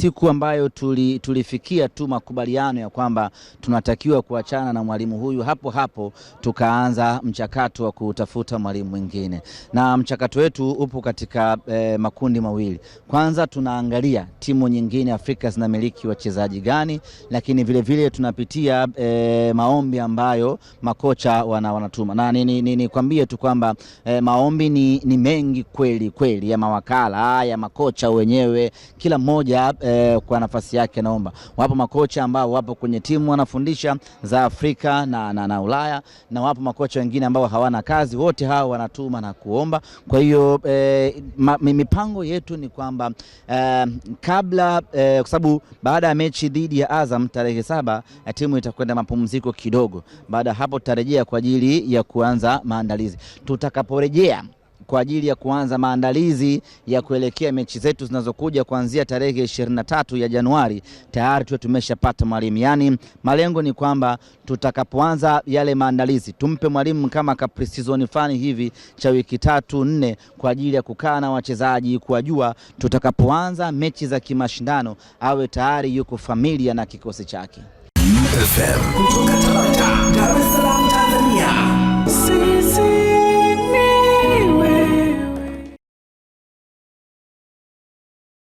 Siku ambayo tuli, tulifikia tu makubaliano ya kwamba tunatakiwa kuachana na mwalimu huyu hapo hapo, tukaanza mchakato wa kutafuta mwalimu mwingine, na mchakato wetu upo katika eh, makundi mawili. Kwanza tunaangalia timu nyingine Afrika zinamiliki wachezaji gani, lakini vilevile vile tunapitia eh, maombi ambayo makocha wana, wanatuma na nikwambie ni, ni, tu kwamba eh, maombi ni, ni mengi kweli kweli, ya mawakala ya makocha wenyewe, kila mmoja eh, kwa nafasi yake. Naomba wapo makocha ambao wapo kwenye timu wanafundisha za Afrika na, na, na Ulaya na wapo makocha wengine ambao hawana kazi, wote hao wanatuma na kuomba. Kwa hiyo eh, mipango yetu ni kwamba eh, kabla eh, kwa sababu baada ya mechi dhidi ya Azam tarehe saba eh, timu itakwenda mapumziko kidogo, baada hapo tutarejea kwa ajili ya kuanza maandalizi tutakaporejea kwa ajili ya kuanza maandalizi ya kuelekea mechi zetu zinazokuja kuanzia tarehe 23 ya Januari, tayari tuwe tumeshapata mwalimu. Yaani malengo ni kwamba tutakapoanza yale maandalizi tumpe mwalimu kama kapri season fani hivi cha wiki tatu nne, kwa ajili ya kukaa na wachezaji kuwajua, tutakapoanza mechi za kimashindano awe tayari yuko familia na kikosi chake.